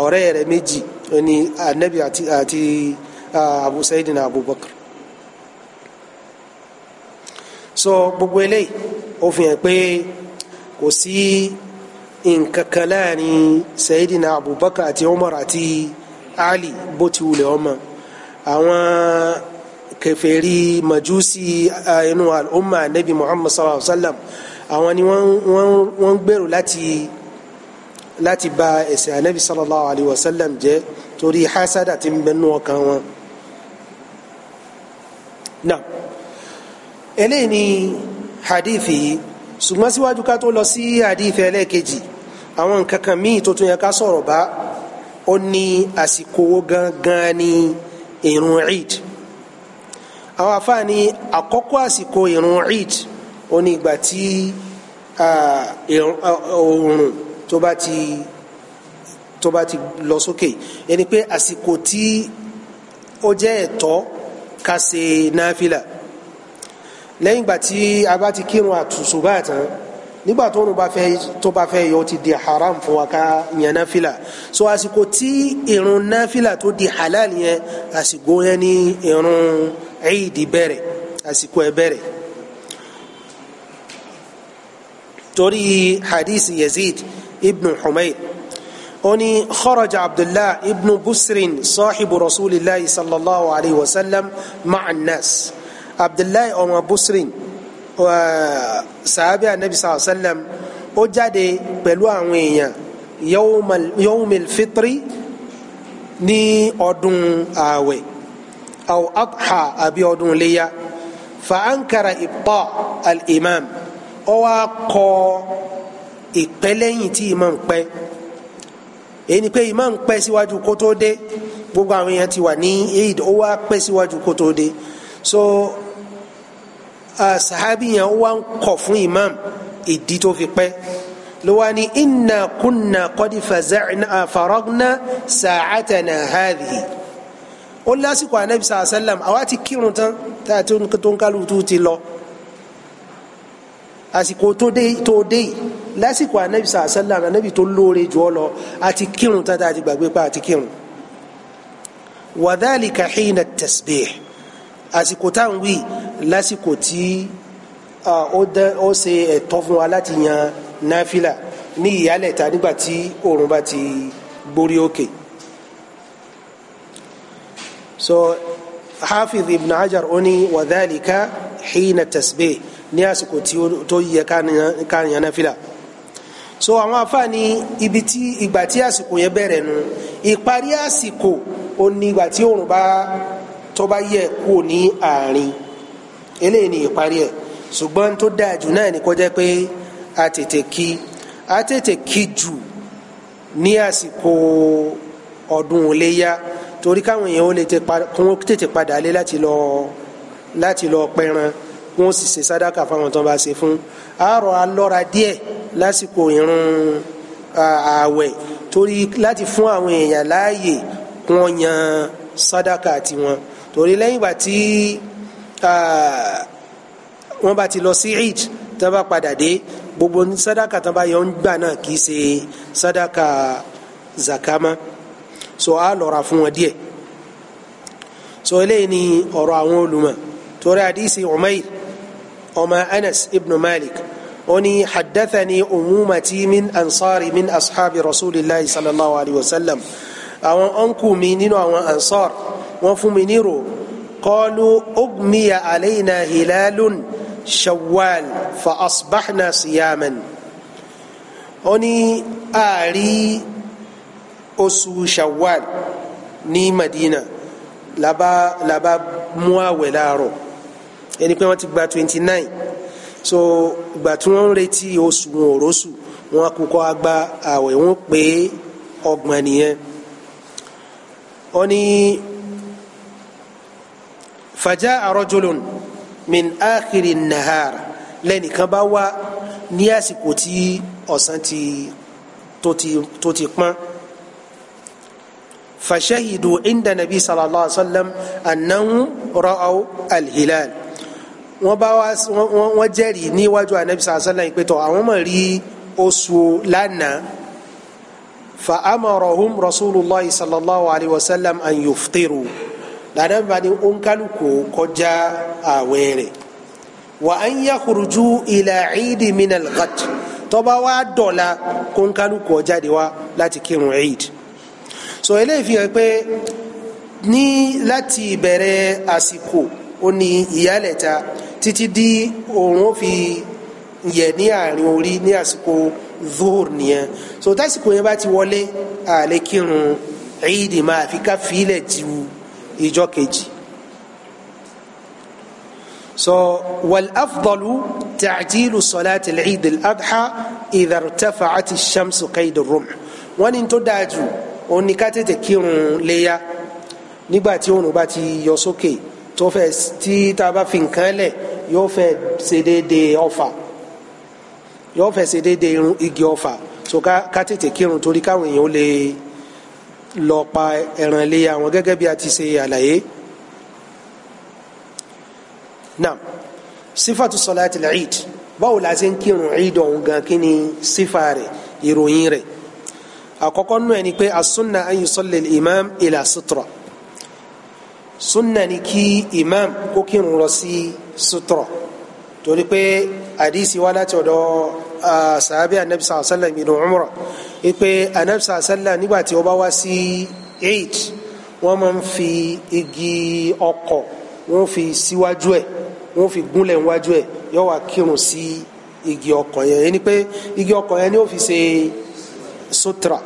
ọ̀rẹ́ rẹ̀ méjì ó anabi àti àti Abu Sayyidina Abubakar so gbogbo eléyìí ó fi hàn pé kò sí nǹkan kan láàrin sayidina abubakar àti umar àti ali bó ti wulẹ̀ ọmọ àwọn kèfèrí majusi inú al-umma nabi muhammad sallallahu alaihi wa sallam àwọn ni wọ́n ń gbèrò láti láti bà ẹ̀sìn anabi sallallahu alaihi wa sallam jẹ́ torí hasada tí ń bẹnu ọkàn wọn. náà eléyìí ni hadithi yìí ṣùgbọ́n síwájú ká tó lọ sí àdìfẹ́ ẹlẹ́ẹ̀kejì àwọn nǹkan kan míì tó tún yẹ ká sọ̀rọ̀ bá ó ní àsìkò owó gangan ní ìrun eid àwọn afáàní àkọ́kọ́ àsìkò ìrun eid ó ní ìgbà tí oòrùn tó bá ti tó bá ti lọ sókè ẹni pé àsìkò tí ó jẹ́ ẹ̀tọ́ ká ṣe náfìlà lẹ́yìn ìgbà tí a bá ti kírun àtùsùbà tán nígbà tó ń bá fẹ́ tó bá fẹ́ yọ ti di haram fún wa ká yan náfìlà so àsìkò tí irun náfìlà tó di halal yẹn àsìkò yẹn ní irun ẹ̀ẹ́dì bẹ̀rẹ̀ àsìkò ẹ̀ bẹ̀rẹ̀. توري حديث يزيد ابن حميد أني خرج عبد الله ابن بسر صاحب رسول الله صلى الله عليه abdullahi ọmọ busrin sahabi anabi sallallahu alayhi wa sallam ó jáde pẹ̀lú àwọn èèyàn yawmil fitri ní ọdún ààwẹ̀ aw adha àbí ọdún léya fa ankara ibta al-imam ó wá kọ ìpẹ́lẹ́yìn tí imam pẹ́ èyí ni pé imam pẹ́ síwájú kó tó dé gbogbo àwọn èèyàn ti wà ní eid ó wá pẹ́ síwájú kó tó dé so sahabi yẹn wá ń kọ̀ fún imam ìdí tó fi pẹ́ ló wá ní inna kunna qad faragna sa'atana hadhihi ó lásìkò anabi sàlám àwa ti kírun tán tá a tó ń kálù tó ti lọ àsìkò tó dé tó dé lásìkò anabi sàlám anabi tó lóore jù ọ lọ a ti kírun tán pa a ti kírun wa dhalika hina tasbih àsìkò lásìkò tí ó ṣe ẹ̀tọ́ fún wa láti yan náfìlà ní ìyálẹ̀ta nígbà tí oòrùn bá ti borí òkè. so hafiz ibn hajar ó ní wàdálìkà hìnà tasbih ní àsìkò tí tó yẹ ká yan náfìlà so àwọn afáàní ibi tí ìgbà tí àsìkò yẹn bẹ̀rẹ̀ nu ìparí àsìkò ó ní ìgbà tí oòrùn bá tó bá yẹ kúrò ní àárín eléyìí ni ìparí ẹ̀ ṣùgbọ́n tó dáa jù náà ni kó jẹ́ pé a tètè kí a tètè kí jù ní àsìkò ọdún iléyà torí káwọn èèyàn ó lè tètè padà lé láti lọ láti lọ pẹran wọn sì ṣe sádàkà fáwọn tó bá ṣe fún àárọ̀ alọ́ra díẹ̀ lásìkò ìrun ààwẹ̀ torí láti fún àwọn èèyàn láàyè wọn yan sádàkà tiwọn torí lẹ́yìn ìgbà tí wọ́n bá ti lọ sí eid tí wọ́n bá padà dé gbogbo sadaka tí wọ́n bá yọ ń gbà náà kì í ṣe sadaka zakama so a lọ́ra fún wọn díẹ̀ so eléyìí ni ọ̀rọ̀ àwọn olùmọ̀ torí àdìsí Umayr ọmọ Anas ibn Malik ó haddathani umumati min ansari min ashabi rasulillahi sallallahu alayhi wa sallam àwọn ọ̀nkù mi nínú àwọn ansar wọ́n fún mi nírò قالوا أغمي علينا هلال شوال فأصبحنا صياما أني أري أسو شوال ní Madina laba laba mú àwẹ̀ láàárọ̀ ẹni pé wọ́n ti gba twenty nine so ìgbà tí wọ́n ń retí oṣù wọn ò róṣù wọn kúkọ́ agba àwẹ̀ wọn pé ọgbọ̀n nìyẹn ó ní فجاء رجل من آخر النهار lẹ́ni kan bá wá ní àsìkò tí ọ̀sán ti tó ti pọ́n فشهدوا عند النبي صلى الله عليه وسلم أنهم رأوا الهلال wọ́n bá wá wọ́n jẹ́rìí níwájú anabi sallallahu alayhi wa sallam pé tọ́ àwọn máa rí oṣù lánàá فأمرهم رسول الله صلى الله عليه وسلم أن يفطروا lànà bá ní onkaluko kọjá àwẹ̀ rẹ̀ wà á ń yakurujú ilà ciidi minal ghad tọba wa dọ̀la kó onkaluko jáde wá láti kírun ciid so eléyìí fi hàn pé ní láti ìbẹ̀rẹ̀ àsìkò ó ní ìyálẹ̀ta títí di òun fi yẹ ní àárín orí ní àsìkò zuhur nìyẹn so tásìkò yẹn bá ti wọlé àlékírun ciidi máa fi ká fílẹ̀ jù ìjọ kejì so wal afdalu ta'jilu salati al-eid al-adha idha irtafa'at ash-shamsu kaydu ar-rumh wọ́n ní tó dáa jù òun ni ká tètè kírun léyà nígbà tí òun bá ti yọ sókè tó fẹ́ tí tá a bá fi nǹkan lẹ̀ yóò fẹ́ ṣe déédéé ọfà yóò fẹ́ ṣe déédéé igi ọfà so ká tètè kírun torí káwọn èèyàn ó lè lọ pa ẹran iléyá wọn gẹ́gẹ́ bí a ti ṣe àlàyé náà sífàtú sọláàtì lẹ́ẹ̀d báwo la ṣe ń kírun ẹ̀ẹ́d ọ̀hún gan kí ni sífà rẹ̀ ìròyìn rẹ̀ àkọ́kọ́ nù ẹni pé asúnà an yusalli imam ìlà sutura sunna ni kí imam kó kírun lọ sí sutura torí pé àdìsí wa láti ọ̀dọ̀ sàábì anabi sallallahu alayhi wa sallam inú umrah ipe anabi sallallahu alayhi wa sallam nígbà tí ó bá wá sí eid wọ́n máa ń fi igi ọkọ̀ wọ́n fi síwájú ẹ̀ wọ́n fi gúnlẹ̀ níwájú ẹ̀ yóò wá kírun sí igi ọkọ̀ yẹn ẹni pé igi ọkọ̀ yẹn ni ó fi ṣe sutra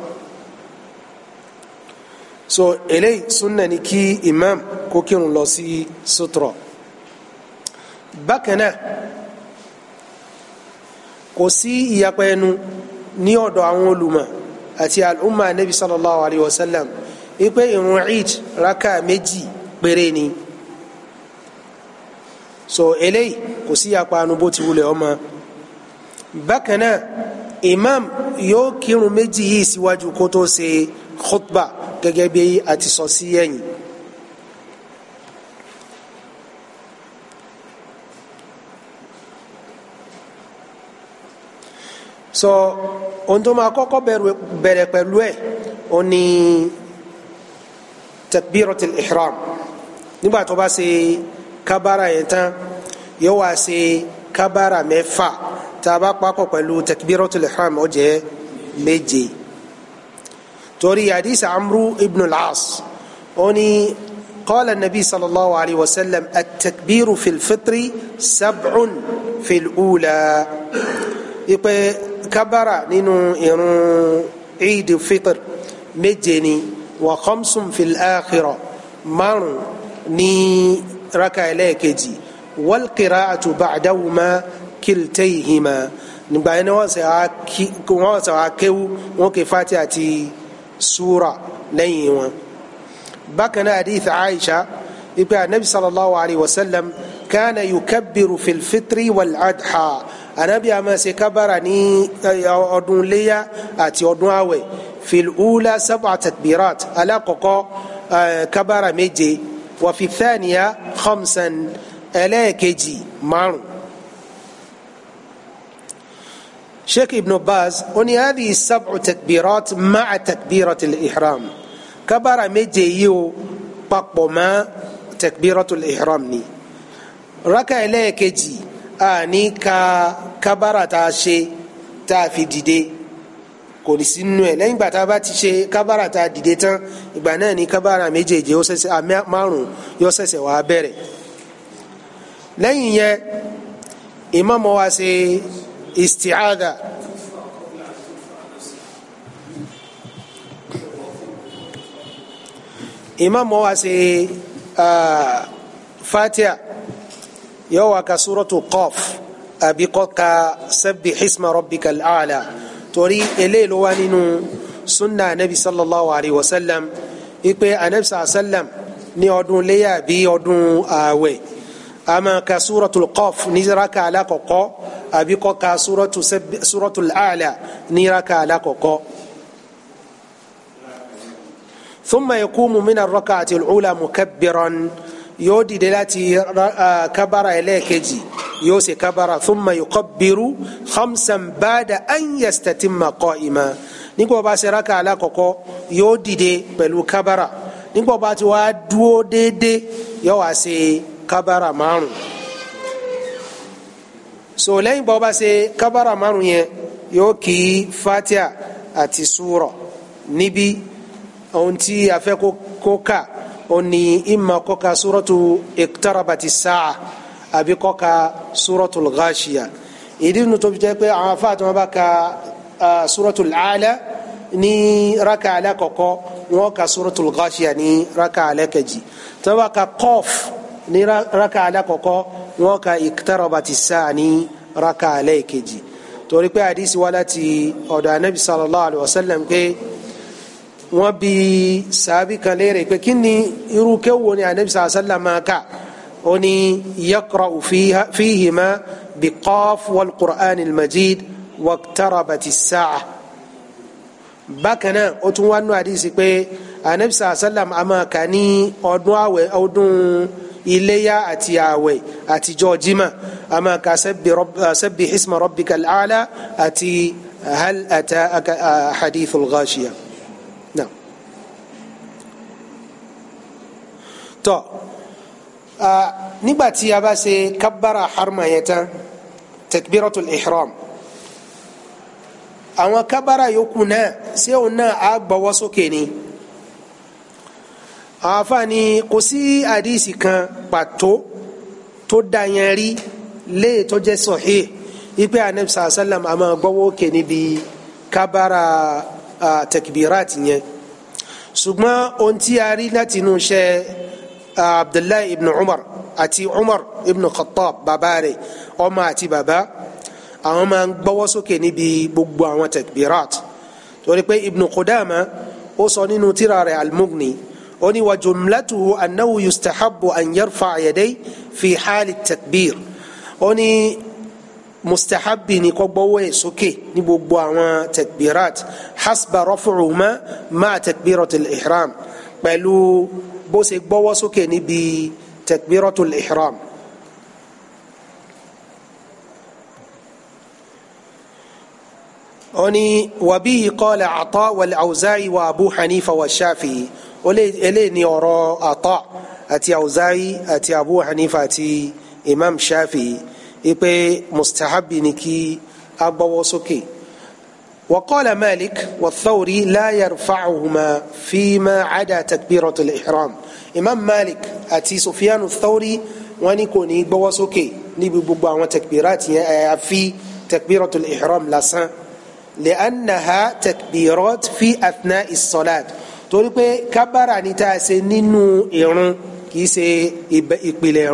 so eléyìí sunna ni kí imam kó kírun lọ sí sutra bákan náà kò sí ìyapa ẹnu ní ọ̀dọ̀ àwọn olùmọ̀ àti al'umma anabi sallallahu alayhi wa sallam wípé ìrun eid raka méjì péré ni so eléyìí kò sí ìyapa ẹnu bó ti wulẹ̀ ọmọ bákan náà imam yóò kírun méjì yìí síwájú kó tó ṣe khutba gẹ́gẹ́ bí a ti sọ sí ẹ̀yìn. so ohun tó máa kọ́kọ́ bẹ̀rẹ̀ pẹ̀lú ẹ̀ ó ní takbiratul ihram nígbà tó bá ṣe kábàrà yẹn tán yóò wá ṣe kábàrà mẹ́fà tá a bá papọ̀ pẹ̀lú takbiratul ihram ó jẹ́ méje torí hadith amru ibn al-as ní qala nabi sallallahu alayhi wa sallam at-takbiru fil fitri sab'un fil kábàrà nínú irun Eid al-Fitr méje ni wa khamsun fil akhirah márùn ní raka ẹlẹ́ẹ̀kejì wal qira'atu ba'dahuma kiltayhima nígbà yẹn wọ́n sọ akéwú wọn kè fati àti súra lẹ́yìn wọn. bákan náà hadith Aisha ipe anabi sallallahu alayhi wa sallam kana yukabbiru fil fitri wal adha. anabi a máa ṣe kábàrà ní ọdún léyà àti ọdún àwẹ̀ filula sab'a tatbirat alakoko kábàrà méje wàfi thaniya khamsan ẹlẹ́ẹ̀kejì márùn. sheikh ibn baz oni hadi sab'u takbirat ma'a takbirat al-ihram kábàrà méje yìí ó papọ̀ mọ́ tatbirat al-ihram ni raka keji ani ka kábàrà tá a ṣe tá a fi dìde kò ní sí nínú ẹ̀ ìgbà tá a bá ti ṣe kábàrà tá a dìde tán ìgbà náà ni kábàrà méjèèjì ó ṣẹ̀ṣẹ̀ márùn yóò ṣẹ̀ṣẹ̀ wàá bẹ̀rẹ̀ lẹ́yìn yẹn ìmáàmù wa ṣe isti'adha. ìmáàmù wa ṣe uh, yóò wá ka súrọ́tù Qaf àbí kọ́ ka sabbih isma rabbikal a'la torí eléyìí ló wá nínú sunna anabi sallallahu alayhi wa sallam ipe anabi sallallahu alayhi wa sallam ní ọdún léyà bí ọdún ààwẹ̀ a máa ka súrọ́tù Qaf ní raka alákọ̀ọ́kọ́ àbí kọ́ ka súrọ́tù a'la ní raka alákọ̀ọ́kọ́. ثم يقوم من الركعة الأولى مكبرا yóò dìde láti kábàrà ẹlẹ́ẹ̀kejì yóò ṣe kábàrà thumma yuqabbiru khamsan ba'da an yastatimma qa'ima nígbà wọ́n bá ṣe rákà alákọ̀ọ́kọ́ yóò dìde pẹ̀lú kábàrà nígbà wọ́n bá ti wá dúró déédéé yóò wá ṣe kábàrà márùn so lẹ́yìn bá wọ́n bá ṣe kábàrà márùn yẹn yóò kí fatiha àti súrọ̀ níbi ohun tí a fẹ́ kó kà oni ima kọka suratu iqtarabati saa àbí kọka suratul ghashiya ìdí nu tó fi jẹ́ pé àwọn afáàtì wọn bá ka suratul ala ní raka alẹ́ kọ̀kọ́ wọn ka suratul ghashiya ní raka alẹ́ kejì tí wọn bá ka kọf ní raka alẹ́ kọ̀kọ́ wọn ka iqtarabati saa ní raka alẹ́ kejì torí pé àdìsí wa láti ọ̀dọ̀ anabi sallallahu alayhi wa sallam pé wọ́n bi sàábì kan léèrè pé kí ni irú kéwò ni anabi sàásàlà máa kà ó ní yaqra'u fihima bi qaf wal qur'an al majid waqtarabati as-sa'a bákan náà ó tún wá nù àdìsí pé anabi sàásàlà máa kà ní ọdún àwẹ̀ ọdún iléyà àti àwẹ̀ àtijọ́ jimá máa ka sabbih isma rabbikal a'la àti hal ata ah, hadithul ghashiya. tọ́ nígbà tí a bá ṣe kábàrà harma yẹn tán takbiratul ihram àwọn kábàrà yòókù náà ṣé òun náà á gbọ́wọ́ sókè ni àwọn afáàní kò sí àdìsí kan pàtó tó dá yẹn rí léè tó jẹ́ sọ̀híì ipe anabi sallam a máa gbọ́wọ́ òkè níbi kábàrà takbirat yẹn ṣùgbọ́n ohun tí a rí láti inú iṣẹ́ abdullahi ibn umar àti umar ibn khattab bàbá rẹ̀ ọmọ àti bàbá àwọn máa ń gbọ́wọ́ sókè níbi gbogbo àwọn takbirat torí pé ibn qudama ó sọ nínú tírà rẹ̀ al-mughni ó ní wa jumlatuhu annahu yustahabbu an yarfa' yaday fi hali takbir ó ní mustahabbi ni kó gbọ́wọ́ ẹ̀ sókè ní gbogbo àwọn takbirat hasba rafu'uma ma takbiratul ihram pẹ̀lú bó ṣe gbọ́wọ́ sókè níbi takbiratul ihram. oni wabihi qala ata wal auza'i wa abu hanifa wa shafi'i ele ni ọ̀rọ̀ ata àti auza'i àti abu hanifa àti imam shafi'i ipe mustahabi ni kí agbọ́wọ́ sókè. Okay وقال مالك والثوري لا يرفعهما فيما عدا تكبيرة الإحرام إمام مالك أتي سفيان الثوري ونكوني بواسوكي نبي ببا وتكبيرات في تكبيرة الإحرام لسان لأنها تكبيرات في أثناء الصلاة torí كبر عن ni tá a ṣe nínú irun kì í ṣe ìpìlẹ̀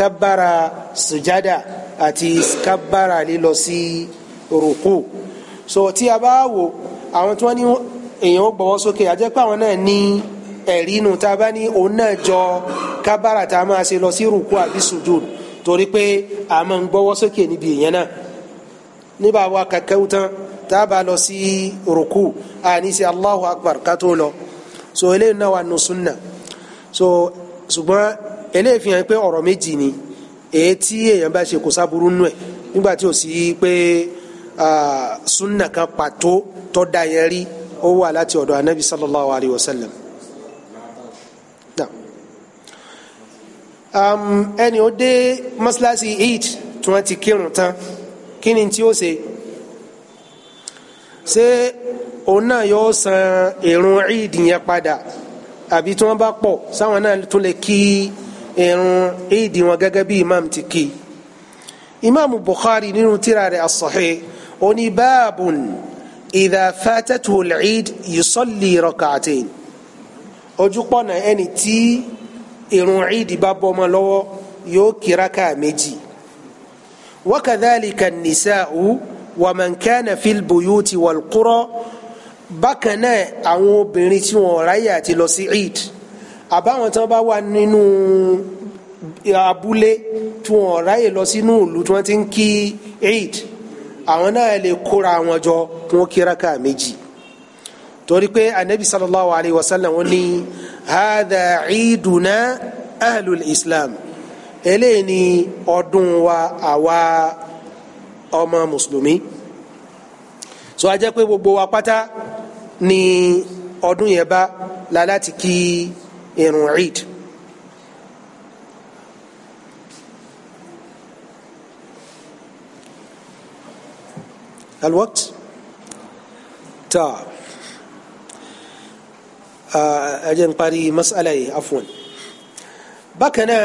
kábàrà sùjádà àti kábàrà lílọ sí rùkú so tí a bá wò àwọn tí wọ́n ní èèyàn ó gbọ́wọ́ sókè a jẹ́ pé àwọn náà ní ẹ̀rí inú tá a bá ní òun náà jọ kábàrà tá a máa ṣe lọ sí rùkú àbí sùjúd torí pé a máa ń gbọ́wọ́ sókè níbi èèyàn náà níbà wa kàkẹ́wù tán tá a bá lọ sí rùkú àní sí Allahu Akbar ká tó lọ so eléyìí náà wà nù súnà so ṣùgbọ́n eléyìí fi hàn pé ọ̀rọ̀ méjì ni èyí tí èèyàn bá ṣe kò sábúrú nù ẹ̀ nígbà tí ò sí pé sunna kan pàtó tó dá yẹn rí ó wà láti ọ̀dọ̀ anabi sallallahu alayhi wa sallam. ẹni ó dé mọ́ṣáláṣí eid tí wọ́n ti kírun tán kí ni tí ó ṣe ṣé òun náà yóò san èrún eid yẹn padà àbí tí wọ́n bá pọ̀ sáwọn náà tún lè kí i irun ìdí wọn gẹ́gẹ́ bí imam ti kí imam bukhari nínú tírà rẹ̀ as-sahih ó ní báàbùn idha fatatuhu al-eid yusalli rak'atayn ojúpọ̀nà ẹni tí irun ìdí bá bọ́ ọmọ lọ́wọ́ yóò kí rákà méjì wa kadhalika an-nisa'u wa man kana fil buyuti wal bákan náà àwọn obìnrin tí wọn ráyè àti lọ sí eid. Si àbáwọn tán bá wà nínú abúlé tí wọn ráyè lọ sínú ìlú tí wọn ti ń kí eid àwọn náà lè kóra wọn jọ kí wọn kí raka méjì torí pé anabi sallallahu alayhi wa sallam wọn ní hadha eiduna ahlul islam eléyìí ni ọdún wa àwa ọmọ mùsùlùmí so a jẹ́ pé gbogbo wa pátá ni ọdún yẹn bá la láti kí irun eid الوقت تا أجن قاري مسألة عفوا بكنا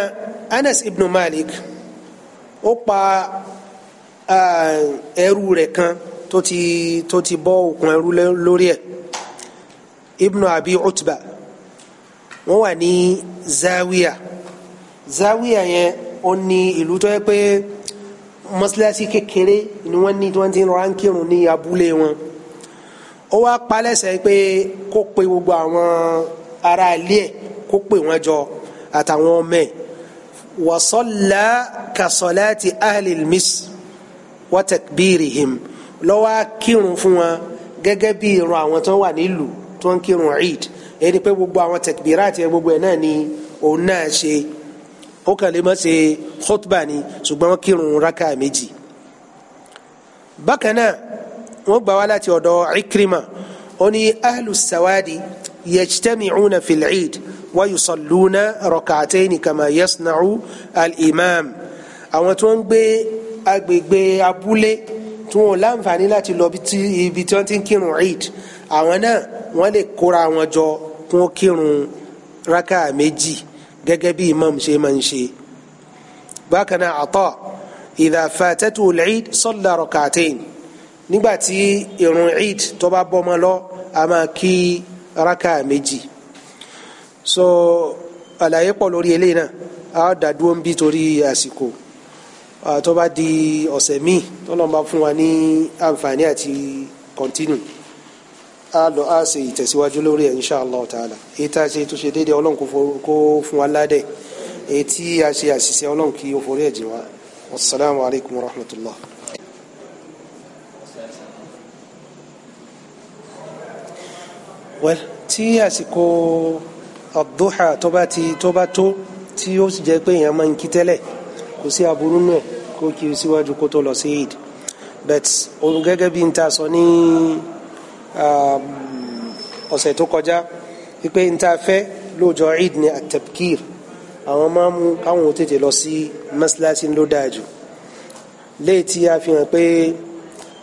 أنس ابن مالك أقبى ẹrú rẹ̀ kan tó ti tó ti bọ́ òkun ẹrú lórí ẹ̀ ibnu abi utba wọ́n wà ní zawiya zawiya yẹn ó ní ìlú tó yẹ pé mọ́sálásí kékeré ni wọ́n ní tí wọ́n ti ń rán kírun ní abúlé wọn ó wá palẹ̀sẹ̀ pé kó pe gbogbo àwọn ará ilé ẹ̀ kó pe wọ́n jọ àtàwọn ọmọ ẹ̀ wasọ́lá kasọ́láti ahlil mis wa takbirihim ló wá kírun fún wọn gẹ́gẹ́ bí irun àwọn tó wà nílùú tó ń kírun eid èyí pé gbogbo àwọn tẹkibira àti gbogbo ẹ̀ náà ni òun náà ṣe ó kàn lè má ṣe khutba ni ṣùgbọ́n wọ́n kírun raka méjì bákan náà wọ́n gbà wá láti ọ̀dọ̀ Ikrima ó ní ahlu sawadi yajtami'una fil eid wa yusalluna rak'atayni kama yasna'u al-imam àwọn tí ń gbé agbègbè abúlé tí wọn láǹfààní láti lọ ibi tí wọ́n ti ń kírun eid àwọn náà wọ́n lè kóra wọn jọ kún ó kírun raka méjì gẹ́gẹ́ bí imam ṣe máa ń ṣe bákan náà Ata idha fatatu al-Eid salla rak'atayn nígbà tí irun Eid tó bá bọ́ mọ́ lọ a máa kí raka méjì so àlàyé pọ̀ lórí eléyìí náà a dàdúró ń bí torí àsìkò tó bá di ọ̀sẹ̀ míì tó lọ́n bá fún wa ní àǹfààní àti continue a lọ a ṣe ìtẹ̀síwájú lórí ẹ̀ insha allah ta'ala èyí tá a ṣe tó ṣe déédéé ọlọ́run kó fún wa ládẹ̀ èyí tí a ṣe àṣìṣe ọlọ́run kí o forí ẹ̀ jìn wá wasalaamu alaykum wa rahmatullah. well tí àsìkò ọ̀dúnhà tó bá ti tó bá tó tí ó sì jẹ́ pé èèyàn máa ń kí tẹ́lẹ̀ kò sí aburú náà kó kí o síwájú kó tó lọ sí eid but gẹ́gẹ́ bí n ta sọ ní. So, Um, ọ̀sẹ̀ tó kọjá wípé n ta fẹ́ lóòjọ́ eid ní atabkir àwọn máa mú káwọn ò tètè lọ sí mọ́sálásí ló dáa jù léètì àfihàn pé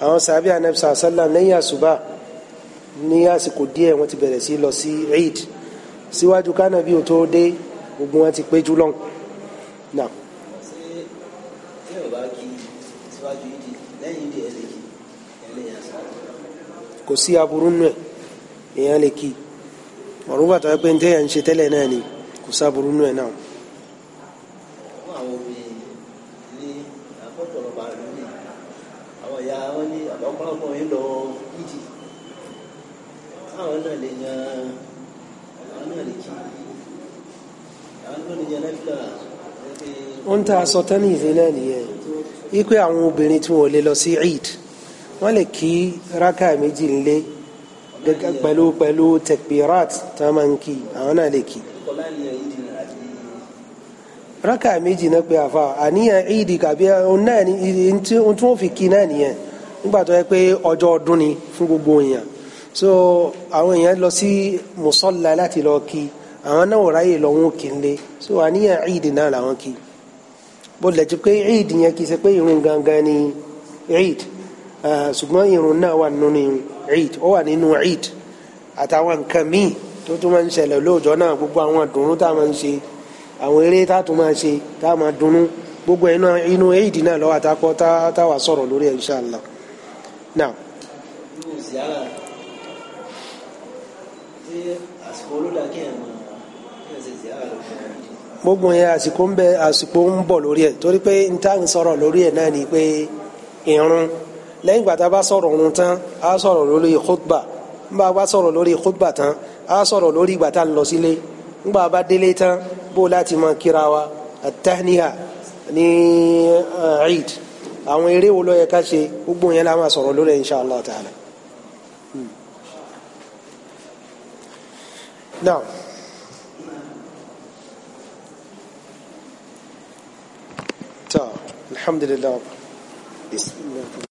àwọn sàbí anabisa sallam lẹ́yìn àṣùbà ní àsìkò díẹ̀ wọ́n ti bẹ̀rẹ̀ sí lọ sí eid síwájú kánàbí ò tó dé gbogbo wọn ti péjú lọ́hùn náà. kò sí aburú nù ẹ̀ èèyàn lè kí ọ̀rọ̀ bàtà pé ní tẹ́yà ń ṣe tẹ́lẹ̀ náà ni kò sáburú nù ẹ̀ náà. àwọn obìnrin ní àkọ́tọ̀lọ́ba rẹ̀ ní àwọn ìyá wọn ní àbọ̀pọ̀lọpọ̀ yìí lọ ìjì àwọn náà lè yan àwọn náà lè kí àwọn náà lè yan lẹ́fíà. wọ́n ń ta aṣọ tẹ́nìsì náà nìyẹn wípé àwọn obìnrin tí wọ́n lè lọ sí eid. wọ́n lè kí rákà méjì ńlé pẹ̀lú pẹ̀lú máa ń kí àwọn náà lè kí. rákà méjì náà pé àníyàn kàbí náà tí wọ́n fi kí náà nìyẹn nígbà tó yẹ pé ọjọ́ ọdún ni fún gbogbo èèyàn so àwọn èèyàn lọ sí mùsọ́lá láti lọ kí àwọn náà ráyè so àníyàn náà làwọn kí bó lẹ́jọ́ pé yẹn kì í ṣe pé Eh, ṣùgbọ́n irun náà wà nínú eid ó wà nínú eid àtàwọn nǹkan míì tó tún máa ń ṣẹlẹ̀ lóòjọ́ náà gbogbo àwọn àdùnnú tá a máa ń ṣe àwọn eré tá a tún máa ṣe tá gbogbo ẹ̀ inú naa náà lọ́wọ́ àtàkọ́ táwa sọ̀rọ̀ lórí ẹ̀ gbogbo yẹn àsìkò ń bọ̀ lórí ẹ̀ torí pé n ń sọ̀rọ̀ lẹ́yìn gbàtà bá sọ̀rọ̀ ọ̀run tán á sọ̀rọ̀ lórí khutba nígbà bá sọ̀rọ̀ lórí khutba tán á sọ̀rọ̀ lórí gbàtà lọ sílé nígbà bá délé tán bó láti máa kíra wa àtàníhà ní eh, eid àwọn eré wo ló yẹ ká ṣe gbogbo yẹn la máa sọ̀rọ̀ lórí insha Allah ta'ala. Hmm. now so alhamdulillah.